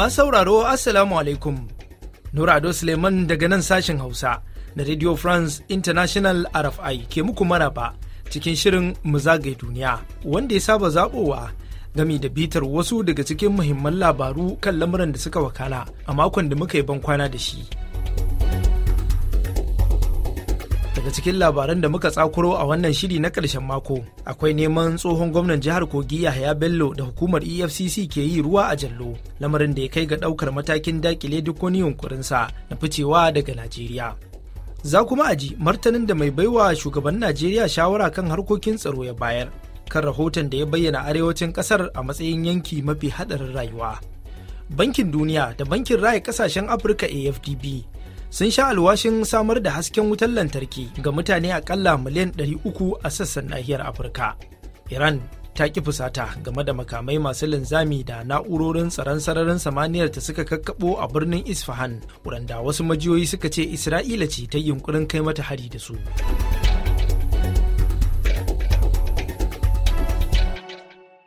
Masu sauraro Assalamu alaikum. Nurado Suleiman daga nan sashen Hausa na Radio France International RFI ke muku maraba cikin shirin mu zagaye duniya wanda ya saba zabowa gami da bitar wasu daga cikin muhimman labaru kan lamuran da suka wakana a makon da muka yi ban kwana da shi. Daga cikin labaran da muka tsakuro a wannan shiri na ƙarshen mako, akwai neman tsohon gwamnan jihar Kogi Yahaya Bello da hukumar EFCC ke yi ruwa a jallo, lamarin da ya kai ga ɗaukar matakin dakile duk wani yunkurinsa na ficewa daga Najeriya. Za kuma aji martanin da mai baiwa shugaban Najeriya shawara kan harkokin tsaro ya bayar, kan rahoton da ya bayyana arewacin ƙasar a matsayin yanki mafi haɗarin rayuwa. Bankin Duniya da Bankin Raya Ƙasashen Afirka AFDB sun sha alwashin samar da hasken wutar lantarki ga mutane akalla miliyan 300 a sassan nahiyar afirka iran ta ki fusata game da makamai masu linzami da na'urorin tsaron sararin samaniyar ta suka kakkabo a birnin isfahan wadanda wasu majiyoyi suka ce isra'ila ce ta yunkurin kai mata hari da su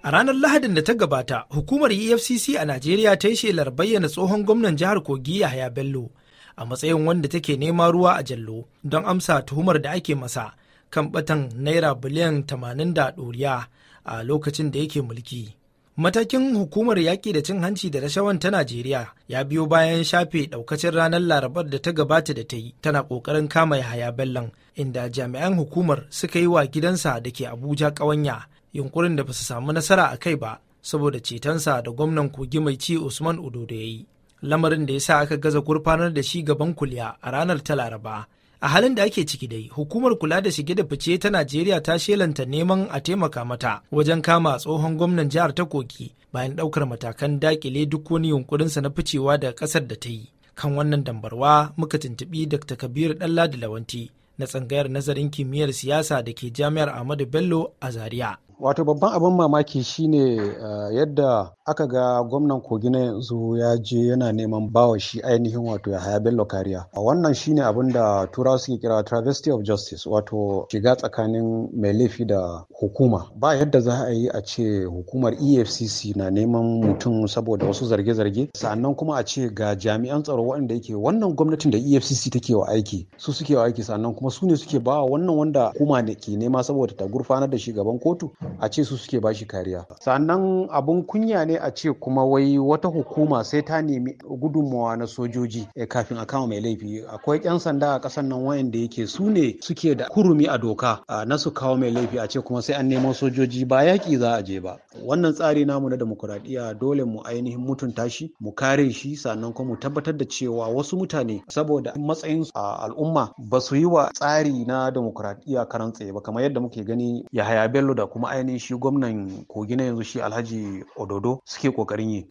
A ranar Lahadin da ta gabata, hukumar EFCC a Najeriya ta yi shelar bayyana tsohon gwamnan jihar Kogi Yahaya Bello a matsayin wanda take nema ruwa a jallo don amsa tuhumar da ake masa kan batan naira biliyan 80 da ɗoriya a lokacin da yake mulki. Matakin hukumar yaƙi da cin hanci da rashawan ta Najeriya ya biyo bayan shafe ɗaukacin ranar Larabar da ta gabata da ta yi tana ƙoƙarin kama Yahaya Bellan inda jami'an hukumar suka yi wa gidansa da ke Abuja ƙawanya yunkurin da ba su samu nasara a kai ba saboda cetonsa da gwamnan kogi mai ci Usman Udo da ya yi. lamarin da ya sa aka gaza gurfanar da shi gaban kuliya a ranar ta laraba a halin da ake ciki dai hukumar kula da shige da fice ta najeriya ta shelanta neman a taimaka mata wajen kama tsohon gwamnan jihar ta koki bayan ɗaukar matakan dakile duk wani yunƙurinsa na ficewa daga ƙasar da ta yi kan wannan dambarwa muka tuntuɓi dr kabir dalla da lawanti na tsangayar nazarin kimiyyar siyasa da ke jami'ar ahmadu bello a zaria Wato babban abin mamaki shine uh, yadda aka ga gwamnan kogi na yanzu ya je yana neman bawa shi ainihin wato ya haya bello kariya. A wannan shine abin da turawa suke kira travesty of justice wato shiga tsakanin mai laifi da hukuma. Ba yadda za a yi a ce hukumar EFCC na neman mutum saboda wasu zarge-zarge sannan kuma a ce ga jami'an tsaro waɗanda yake wannan gwamnatin da EFCC take wa aiki su suke wa aiki sannan kuma su ne suke bawa wannan wanda hukuma ne ke nema saboda ta gurfanar da shi gaban kotu a ce su suke bashi kariya sannan abun kunya ne a ce kuma wai wata hukuma sai ta nemi gudunmawa na sojoji eh, kafin a kama mai laifi akwai 'yan sanda a ƙasar nan wayanda yake su ne suke da kurumi a doka na su kawo mai laifi a ce kuma sai an nemo sojoji ba yaƙi za a je ba wannan tsari namu na demokuraɗiyya dole mu ainihin mutunta shi mu kare shi sannan kuma mu tabbatar da cewa wasu mutane saboda matsayin su a al'umma ba su yi wa tsari na demokuraɗiyya karan tsaye ba kamar yadda muke gani yahaya bello da kuma ainihin shi gwamnan kogi na yanzu shi alhaji ododo suke kokarin yi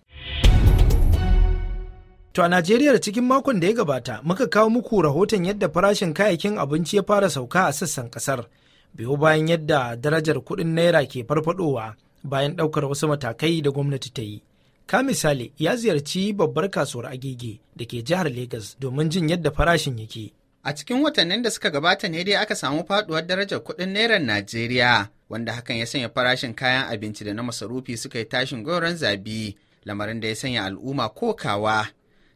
To a Najeriya da cikin makon da ya gabata muka kawo muku rahoton yadda farashin kayayyakin abinci ya fara sauka a sassan kasar biyo bayan yadda darajar kuɗin naira ke farfadowa bayan ɗaukar wasu matakai da gwamnati ta yi. Ka misali ya ziyarci babbar kasuwar agege da ke jihar Legas domin jin yadda farashin yake. A cikin watannin da suka gabata ne dai aka samu faduwar darajar kuɗin Naira Najeriya, wanda hakan ya sanya farashin kayan abinci da na masarufi suka yi tashin goron zabi, lamarin da ya sanya al'umma kokawa.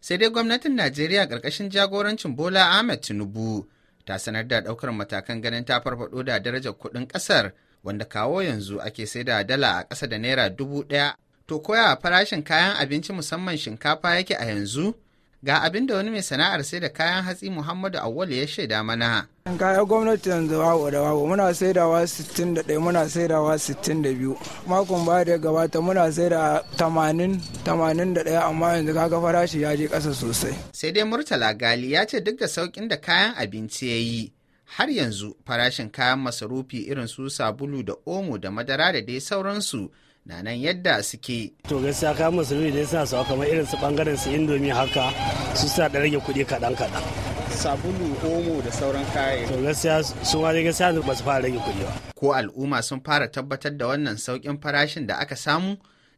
Sai dai gwamnatin Najeriya ƙarƙashin jagorancin Bola Ahmed Tinubu ta sanar da ɗaukar matakan ganin ta farfaɗo da darajar kuɗin ƙasar wanda kawo yanzu ake sai da dala a ƙasa da naira dubu ɗaya. To koya farashin kayan abinci musamman shinkafa yake a yanzu? Ga abin da wani mai sana'ar sai da kayan hatsi Muhammadu Awwal ya shaida mana. Kayan gwamnati yanzu wawo da wawo muna saidawa 61 muna saidawa 62. Makon ba da gabata muna saida 80 81 amma yanzu kaga farashi ya je kasa sosai. Sai dai Murtala Gali ya ce duk da saukin da kayan abinci ya yi har yanzu farashin kayan masarufi irin su sabulu da omo da madara da dai sauransu na nan yadda suke. To gaskiya kayan musulmi ne suna sawa kamar irin su bangaren su indomi haka su suna da rage kuɗi kaɗan kaɗan. Sabulu, omo da sauran kayan. To gaskiya su ma gaskiya ba su fara rage kuɗi ba. Ko al'umma sun fara tabbatar da wannan sauƙin farashin da aka samu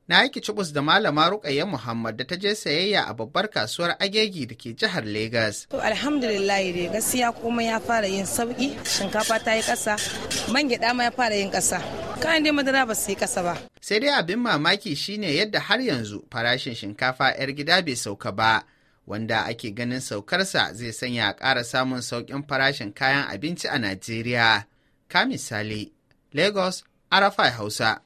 na aiki kicibus da malama rukayya muhammad da ta je sayayya a babbar kasuwar agegi da ke jihar Legas. to alhamdulillah dai gaskiya komai ya fara yin sauki shinkafa ta yi kasa man gyada ma ya fara yin kasa kayan dai madara ba su yi kasa ba sai dai abin mamaki shine yadda har yanzu farashin shinkafa yar gida bai sauka ba wanda ake ganin saukarsa zai sanya a ƙara samun sauƙin farashin kayan abinci a najeriya ka misali lagos arafai hausa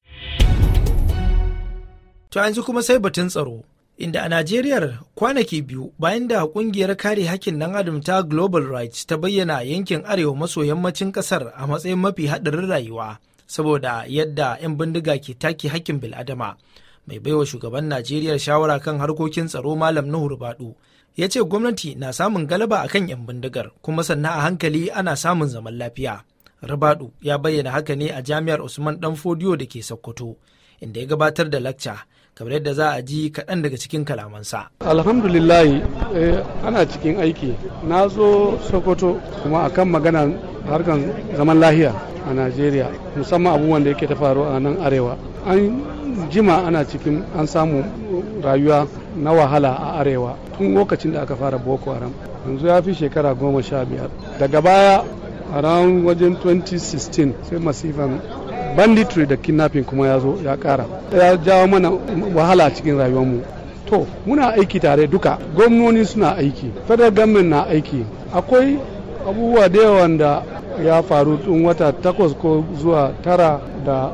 To yanzu kuma sai batun tsaro. Inda a Najeriyar kwanaki biyu bayan da kungiyar kare hakkin ɗan adam ta Global Rights ta bayyana yankin arewa maso yammacin ƙasar a matsayin mafi haɗarin rayuwa saboda yadda 'yan bindiga ke take hakkin bil'adama. Mai baiwa shugaban Najeriya shawara kan harkokin tsaro Malam Nuhu Rubadu ya ce gwamnati na samun galaba a kan 'yan bindigar kuma sannan a hankali ana samun zaman lafiya. Rabadu ya bayyana haka ne a jami'ar Usman Danfodiyo da ke Sokoto, inda ya gabatar da lakca kamar yadda za a ji kaɗan daga cikin kalamansa. alhamdulillah eh, ana cikin aiki na zo sokoto kuma akan magana harkan zaman lahiya a najeriya musamman abubuwan da yake ta faru a nan arewa an jima ana cikin an samu rayuwa na wahala a arewa tun lokacin da aka fara boko haram yanzu ya fi shekara goma sha biyar daga baya a wajen 2016 sai masifan banditry da kidnapping kuma ya zo ya kara ya jawo mana wahala cikin cikin mu to muna aiki tare duka gwamnoni suna aiki federal government na aiki akwai abubuwa da yawa da ya faru tun wata takwas ko zuwa tara da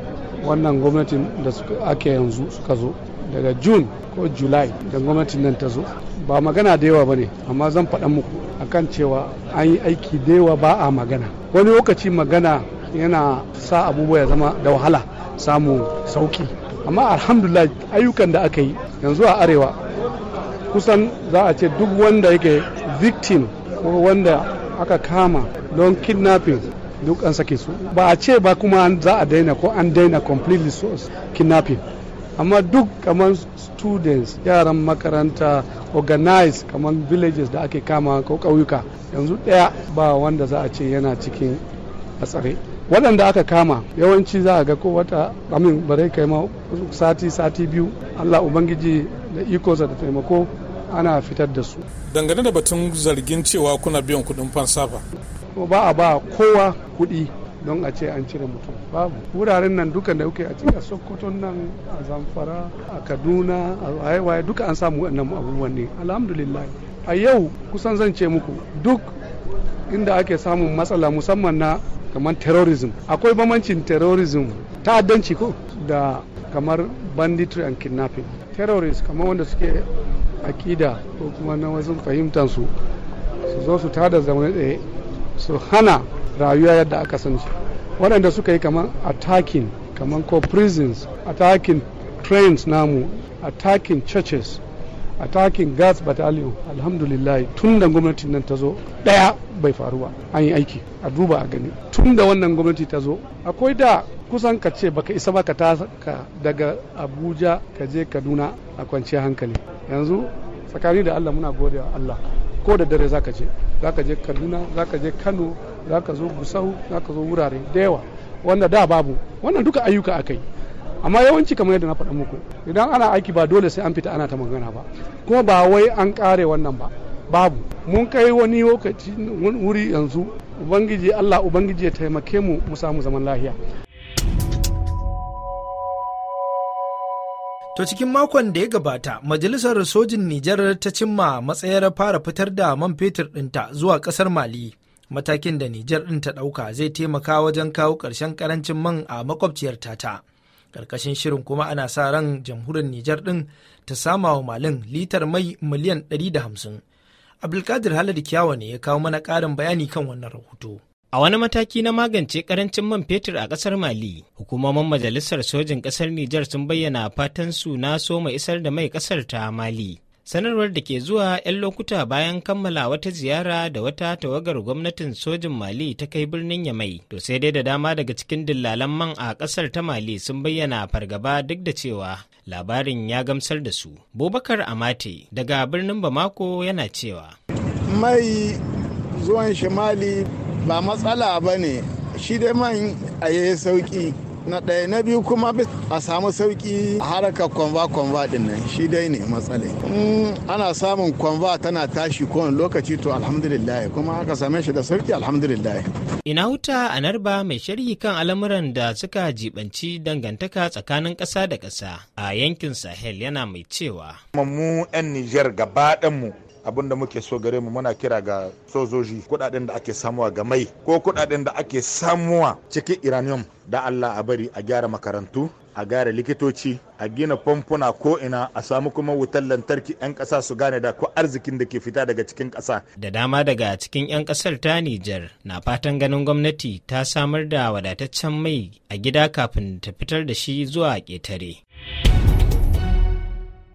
wannan gwamnatin da ake yanzu suka zo daga Jun ko july da gwamnatin nan ta zo ba magana da yawa ba ne amma zan faɗa muku akan cewa an yi aiki da yawa ba a magana wani lokaci magana yana sa abubuwa ya zama da wahala samu sauki amma alhamdulillah ayyukan da aka yi yanzu a arewa kusan za a ce duk wanda yake victim ko wanda aka kama don kidnapping duk an sake su ba a ce ba kuma za a daina ko an daina completely kidnapping amma duk kamar students yaran makaranta organized kamar villages da ake kama ko ƙauyuka yanzu ɗaya ba wanda za a ce yana cikin a tsare waɗanda aka kama yawanci za a ga ko wata amin bare kai ma sati sati biyu allah ubangiji da ikonsa da taimako ana fitar da su dangane da batun zargin cewa kuna biyan kuɗin fansafa ba a ba kowa kuɗi don a ce an cire mutum babu wuraren nan dukan da kuke a cikin sokoto nan a zamfara a kaduna a waye-waye duka an samu wannan abubuwan ne alhamdulillah a yau kusan zan ce muku duk inda ake samun matsala musamman na kamar terrorism akwai bambancin terrorism ta'addanci ko da kamar banditry and kidnapping terrorist kamar wanda suke akida ko kuma na wasu fahimtansu su zo su tada zaune tsaye su hana rayuwa yadda aka san su waɗanda suka yi kamar attacking kamar ko prisons attacking trains namu attacking churches attacking gas battalion alhamdulillah tun da gwamnatin nan ta zo daya bai faru ba an yi aiki a duba a gani tun da wannan gwamnati ta zo akwai da kusan ka ce baka isa ba ka ta daga abuja ka je kaduna a kwanciyar hankali yanzu tsakani da allah muna godewa allah ko da dare zaka je zaka je kaduna zaka je kano zaka zo gusau zaka zo wurare da yawa wanda da babu wannan duka ayyuka akai amma yawanci kamar yadda na faɗa muku idan ana aiki ba dole sai an fita ana ta magana ba kuma ba wai an kare wannan ba babu mun kai wani lokaci wuri yanzu ubangiji allah ubangiji ya taimake mu mu samu zaman lahiya. To cikin makon da ya gabata, Majalisar Sojin Nijar ta cimma matsayar fara fitar da man fetur ɗinta zuwa ƙasar Mali. Matakin da Nijar din ta ɗauka zai taimaka wajen kawo karshen karancin man a makwabciyar tata. karkashin shirin kuma ana sa ran jamhuriyar nijar din ta sama wa malin litar mai miliyan 150 abdulkadir haladu kyawa ne ya kawo mana ƙarin bayani kan wannan rahoto A wani mataki na magance karancin man fetur a ƙasar Mali, hukumomin majalisar sojin ƙasar Nijar sun bayyana fatan su na so mai isar da mai ƙasar ta Mali. sanarwar da ke zuwa 'yan lokuta bayan kammala wata ziyara da wata tawagar gwamnatin sojin mali ta kai birnin yamai to sai dai da dama daga cikin dillalan man a kasar ta mali sun bayyana fargaba duk da cewa labarin ya gamsar da su bubakar amate daga birnin bamako yana cewa mai zuwan shimali ba matsala ba ne shi dai man a sauki na ɗaya na biyu kuma a samu sauki a harkar kwamba kwamba din nan shi dai ne matsalai in mm, ana samun kwamba tana tashi kowane lokaci to alhamdulillah kuma aka same shi da sauki alhamdulillah ina huta narba mai sharhi kan al'amuran da suka jibanci dangantaka tsakanin ƙasa da ƙasa a yankin sahel yana mai cewa mu 'yan nijar gaba mu abin da muke so gare mu muna kira ga sojoji kudaden da ake samuwa ga mai ko kudaden da ake samuwa cikin iranium da allah a bari a gyara makarantu a gyara likitoci a gina famfuna ko ina a samu kuma wutar lantarki 'yan kasa su gane da ko arzikin da ke fita daga cikin kasa. Da dama daga cikin 'yan kasar ta Nijar na fatan ganin gwamnati ta samar da wadataccen mai a gida kafin ta fitar da shi zuwa ƙetare.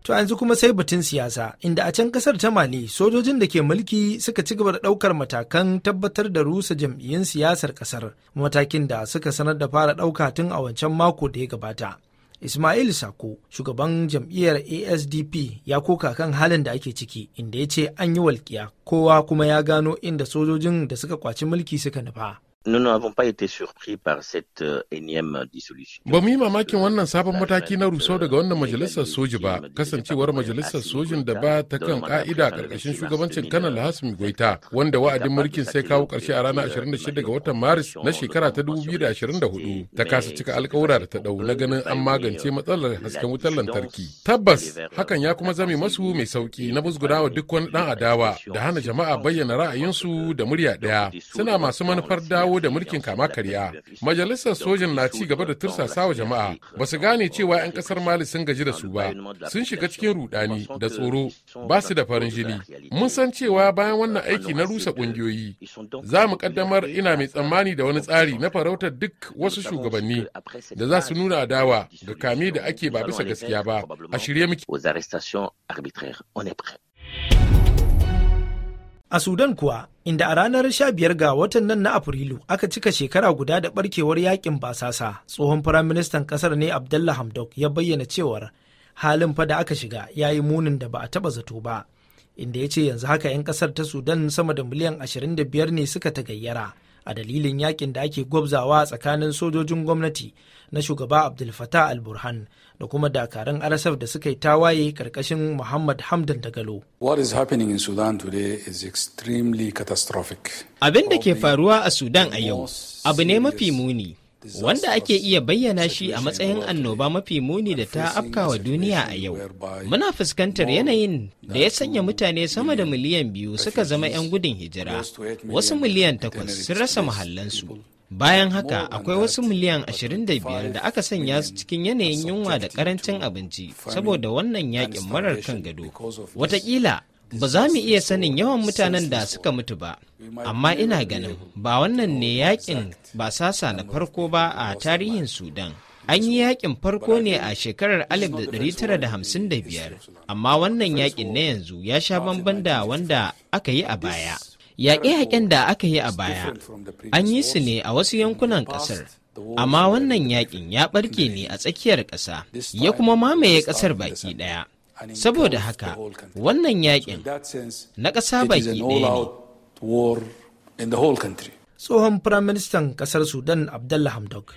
To yanzu kuma sai batun siyasa, inda a can kasar ta Mali sojojin da ke mulki suka ci gaba da ɗaukar matakan tabbatar da rusa jam'iyyun siyasar kasar, matakin da suka sanar da fara ɗauka tun a wancan mako da ya gabata. Ismail Sako, shugaban jam'iyyar ASDP ya koka kan halin da ake ciki, inda ya ce an yi walƙiya, kowa kuma ya gano inda sojojin da suka kwaci mulki suka nufa. Nous n'avons pas été surpris par cette euh, énième dissolution. mamakin euh, wannan sabon mataki na rusau daga wannan majalisar soji ba, kasancewar majalisar sojin da ba ta kan ka'ida karkashin shugabancin Kanal Hasmi Goita, wanda wa'adin mulkin sai kawo karshe a ranar 26 euh, ga watan Maris na shekara ta 2024 ta kasa cika alkawura da ta dau na ganin an magance matsalar hasken wutar lantarki. Tabbas hakan ya kuma zame masu mai sauki na musgunawa duk wani dan adawa da hana jama'a bayyana ra'ayinsu da murya daya. Suna masu manufar dawo dawo da mulkin kama karya majalisar sojan na ci gaba da tursasawa jama'a ba su gane cewa 'yan kasar mali sun gaji da su ba sun shiga cikin rudani da tsoro ba su da farin jini mun san cewa bayan wannan aiki na rusa kungiyoyi za mu kaddamar ina mai tsammani da wani tsari na farautar duk wasu shugabanni da za su nuna adawa ga kame da ake ba bisa gaskiya ba a shirye muke A Sudan kuwa, inda a ranar 15 ga watan nan na Afrilu aka cika shekara guda da barkewar yakin basasa, tsohon firaministan kasar ne Abdalla Hamdok ya bayyana cewar halin fa da aka shiga ya yi munin da ba a taba zato ba, inda ya ce yanzu haka 'yan kasar ta Sudan sama da miliyan 25 ne suka ta gayyara. a dalilin yakin da ake gwabzawa tsakanin sojojin gwamnati na shugaba abdul fatah al-burhan da kuma dakarun arasaf da suka yi tawaye karkashin muhammad hamdan dagalo what is happening in sudan today is extremely catastrophic abin da ke faruwa a sudan a yau abu ne mafi muni wanda ake iya bayyana shi a matsayin annoba mafi muni da ta afkawa duniya a yau. Muna fuskantar yanayin da ya sanya mutane sama da miliyan biyu suka zama 'yan gudun hijira, wasu miliyan takwas sun rasa mahallansu. Bayan haka akwai wasu miliyan 25 da aka sanya su cikin yanayin yunwa da karancin abinci saboda wannan yakin marar kan gado. Wataƙila ba za mu iya sanin yawan mutanen da suka mutu ba amma ina ganin ba wannan ne yakin sasa na farko ba a tarihin sudan an yi yakin farko ne a shekarar 1955 amma wannan yakin na yanzu ya sha bamban da wanda aka yi a baya yaƙe-yaƙen da aka yi a baya an yi su ne a wasu yankunan ƙasar amma wannan yaƙin ya ɓarke ne a tsakiyar ƙasa ya kuma mamaye ƙasar baki ɗaya saboda haka wannan yakin na ƙasa baki ɗaya ne tsohon firaministan ƙasar sudan abdullahi hamdok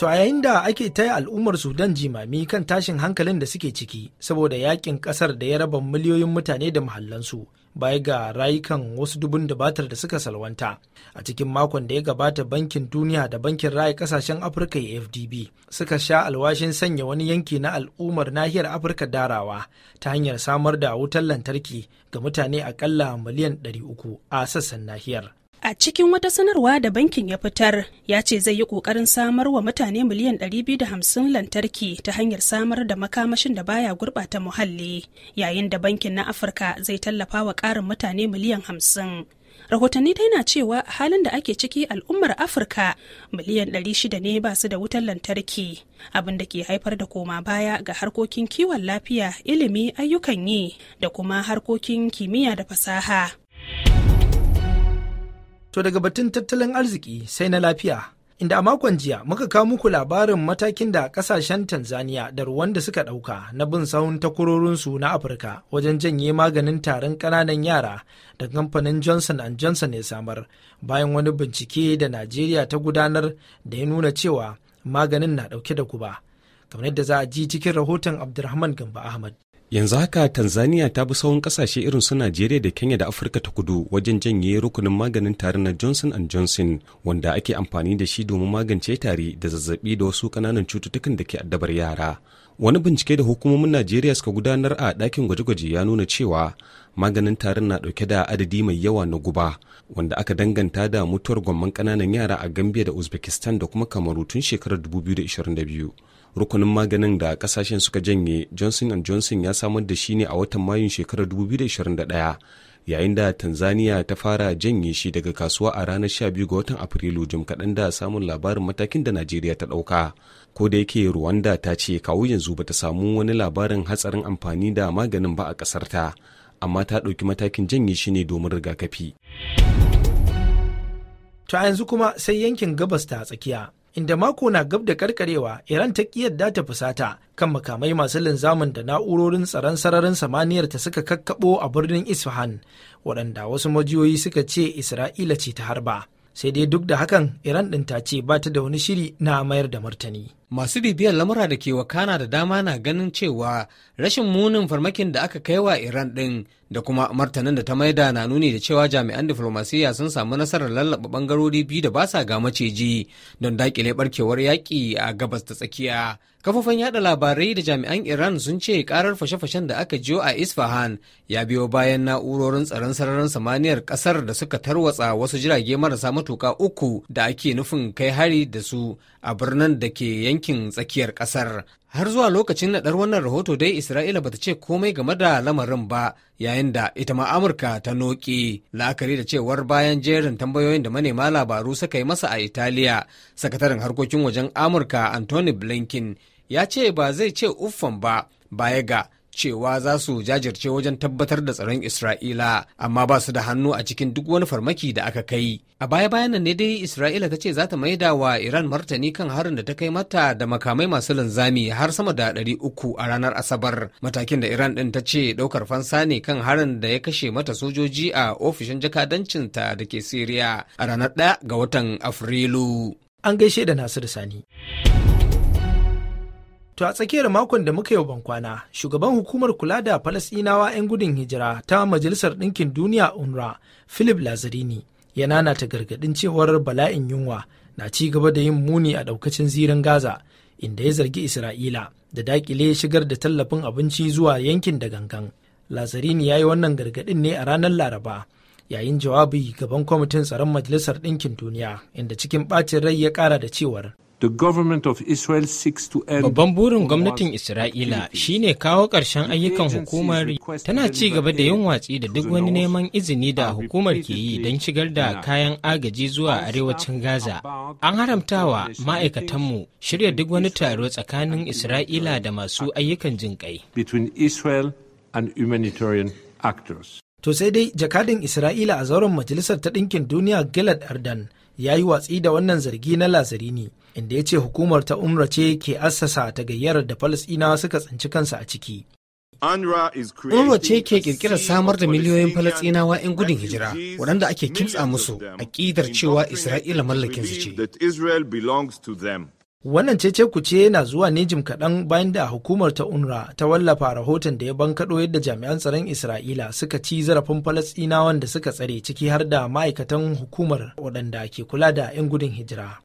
To a yayin da ake taya al'ummar Sudan jimami kan tashin hankalin da suke ciki saboda yakin kasar da ya raba miliyoyin mutane da mahallansu baya ga rayukan wasu dubun dubatar da suka salwanta. A cikin makon da ya gabata bankin duniya da bankin raya kasashen Afirka FDB suka sha alwashin sanya wani yanki na al'ummar nahiyar Afirka darawa ta hanyar samar da wutar lantarki ga mutane akalla miliyan 300 a sassan nahiyar. A cikin wata sanarwa da bankin ya fitar, ya ce zai yi ƙoƙarin samar wa mutane miliyan 250 lantarki ta hanyar samar da makamashin da baya gurɓata muhalli, yayin da bankin na Afirka zai tallafa wa ƙarin mutane miliyan 50. Rahotanni dai na cewa halin da ake ciki al'ummar Afirka miliyan 600 ne ba su da wutar lantarki, abin da ke haifar da koma baya ga harkokin kiwon lafiya, ilimi, ayyukan yi da kuma harkokin kimiyya da fasaha. To daga batun tattalin arziki sai na lafiya, inda a makon jiya muka kawo muku labarin matakin da kasashen Tanzania da ruwan da suka ɗauka na bin sahun takwarorinsu na Afirka wajen janye maganin tarin ƙananan yara da kamfanin Johnson Johnson ya samar bayan wani bincike da Najeriya ta gudanar da ya nuna cewa maganin na ɗauke da guba. Kamar yadda za a ji cikin rahoton Abdulrahman Gamba Ahmad. yanzu haka tanzania ta bi tsawon kasashe irin su najeriya da kenya da afirka ta kudu wajen janye rukunin maganin tari na johnson johnson wanda ake amfani da shi domin magance tari da zazzabi da wasu kananan cututtukan da ke addabar yara wani bincike da hukumomin najeriya suka gudanar a dakin gwaje-gwaje ya nuna cewa maganin tarin na dauke da adadi mai yawa na guba wanda aka danganta da mutuwar gwamman kananan yara a gambia da uzbekistan da kuma kamaru tun shekarar 2022 rukunin maganin da kasashen suka janye johnson johnson ya samar da shi ne a watan mayun shekarar 2021 yayin da tanzania ta fara janye shi daga kasuwa a ranar 12 ga watan afrilu jim kaɗan da samun labarin matakin da najeriya ta ɗauka ko da yake rwanda ta ce kawo yanzu bata samu wani labarin hatsarin amfani da maganin ba a ta amma ta ɗauki matakin janye shi ne domin rigakafi. To yanzu kuma sai yankin gabas ta tsakiya inda mako na gab da karkarewa iran ta yadda ta fusata kan makamai masu linzamin da na'urorin tsaron sararin samaniyar ta suka kakkabo a birnin isfahan waɗanda wasu majiyoyi suka ce isra'ila ce ta harba sai dai duk da hakan iran ɗin ta ce ba ta da wani shiri na mayar da martani masu bibiyar lamura da ke wakana da dama na ganin cewa rashin munin farmakin da aka kai wa iran ɗin da kuma martanin da ta maida na nuni da cewa jami'an diflomasiyya sun samu nasarar lallaba bangarori biyu da basa ga maceji, don dakile barkewar yaƙi a gabas da tsakiya Kafofin yada labarai da jami'an iran sun ce karar fashe-fashen da aka jiyo a isfahan ya biyo bayan na'urorin tsaron sararin samaniyar kasar da suka tarwatsa wasu jirage marasa matuka uku da ake nufin kai hari da su a birnin da ke yankin tsakiyar kasar har zuwa lokacin naɗar wannan rahoto dai isra'ila bata ce komai game da lamarin ba yayin da ita ma amurka ta noki la'akari da cewar bayan jerin tambayoyin da manema labaru suka yi masa a italiya sakataren harkokin wajen amurka anthony blinken ya ce ba zai ce uffan ba baya ga cewa za su jajirce wajen tabbatar da tsaron Isra'ila amma ba su da hannu a cikin duk wani farmaki da aka kai. A baya-bayan nan ne dai Isra'ila ta ce za ta maida wa Iran martani kan harin da ta kai mata da makamai masu linzami har sama da ɗari uku a ranar Asabar. Matakin da Iran ɗin ta ce ɗaukar fansa ne kan harin da ya kashe mata sojoji a ofishin jakadancinta da ke Siriya a ranar ɗaya ga watan Afrilu. An gaishe da Nasiru Sani. To a tsakiyar makon da muka yau bankwana, shugaban hukumar kula da Falasɗinawa 'yan gudun hijira ta Majalisar Ɗinkin Duniya UNRWA, Philip Lazarini, ya ta gargaɗin cewar bala'in yunwa na ci gaba da yin muni a ɗaukacin zirin Gaza, inda ya zargi Isra'ila da dakile shigar da tallafin abinci zuwa yankin da gangan. Lazarini ya yi wannan gargaɗin ne a ranar Laraba. yayin jawabi gaban kwamitin tsaron majalisar ɗinkin duniya inda cikin ɓacin rai ya ƙara da cewar Babban burin gwamnatin Isra'ila shine kawo ƙarshen ayyukan hukumar tana ci gaba da yin watsi da duk wani neman izini da hukumar ke yi don shigar da kayan agaji zuwa arewacin Gaza. An haramtawa ma'aikatanmu shirya duk wani taro tsakanin Isra'ila da masu ayyukan jinƙai. To sai dai jakadin Isra'ila a zauren Majalisar ta Ɗinkin Duniya Gilad Ardan ya yi watsi da wannan zargi na lazarini inda ya ce hukumar ta UNRWA ce ke assasa ta gayyarar da Falasɗinawa suka tsinci kansa a ciki. UNRWA ce ke ƙirƙirar samar da miliyoyin Falasɗinawa 'yan gudun hijira waɗanda ake kimtsa musu aƙidar cewa Isra'ila mallakin su ce. Wannan cece ce yana zuwa ne jim kaɗan bayan da hukumar ta UNRWA ta wallafa rahoton da ya bankaɗo yadda jami'an tsaron Isra'ila suka ci zarafin Falasɗinawan da suka tsare ciki har da ma'aikatan hukumar waɗanda ke kula da 'yan gudun hijira.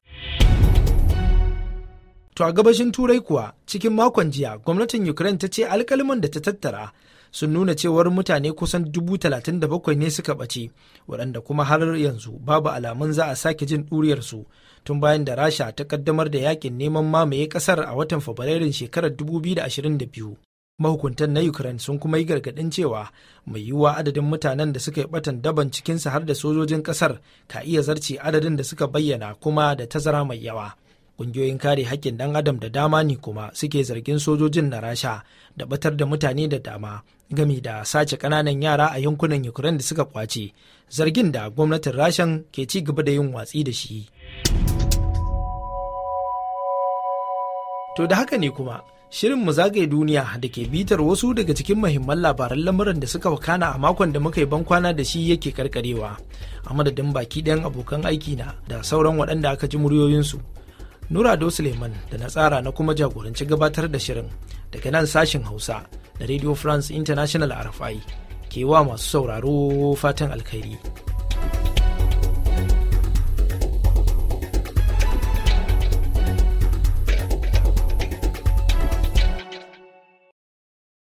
To a gabashin Turai kuwa cikin makon jiya gwamnatin Ukraine ta ce alkaliman da ta tattara sun nuna cewar mutane kusan dubu talatin da bakwai ne suka ɓace waɗanda kuma har yanzu babu alamun za a sake jin ɗuriyarsu tun bayan da rasha ta kaddamar da yakin neman mamaye ƙasar a watan fabrairun shekarar 2022 mahukuntan na ukraine sun kuma yi gargaɗin cewa mai yiwuwa adadin mutanen da suka yi ɓatan daban cikinsa har da sojojin ƙasar ka iya zarce adadin da suka bayyana kuma da tazara mai yawa Ƙungiyoyin kare haƙƙin ɗan adam da dama ne kuma suke zargin sojojin na Rasha da batar da mutane da dama gami da sace ƙananan yara a yankunan Ukraine da suka kwace, zargin da gwamnatin Rashan ke ci gaba da yin watsi da shi. To da haka ne kuma shirin mu zagaye duniya da ke bitar wasu daga cikin mahimman labaran lamuran da suka wakana a makon da muka yi bankwana da shi yake karkarewa a madadin baki ɗayan abokan aiki na da sauran waɗanda aka ji muryoyinsu Nurado Suleiman da na tsara na kuma jagoranci gabatar da shirin daga nan sashen Hausa da Radio France International RFI ke wa masu sauraro fatan alkhairi.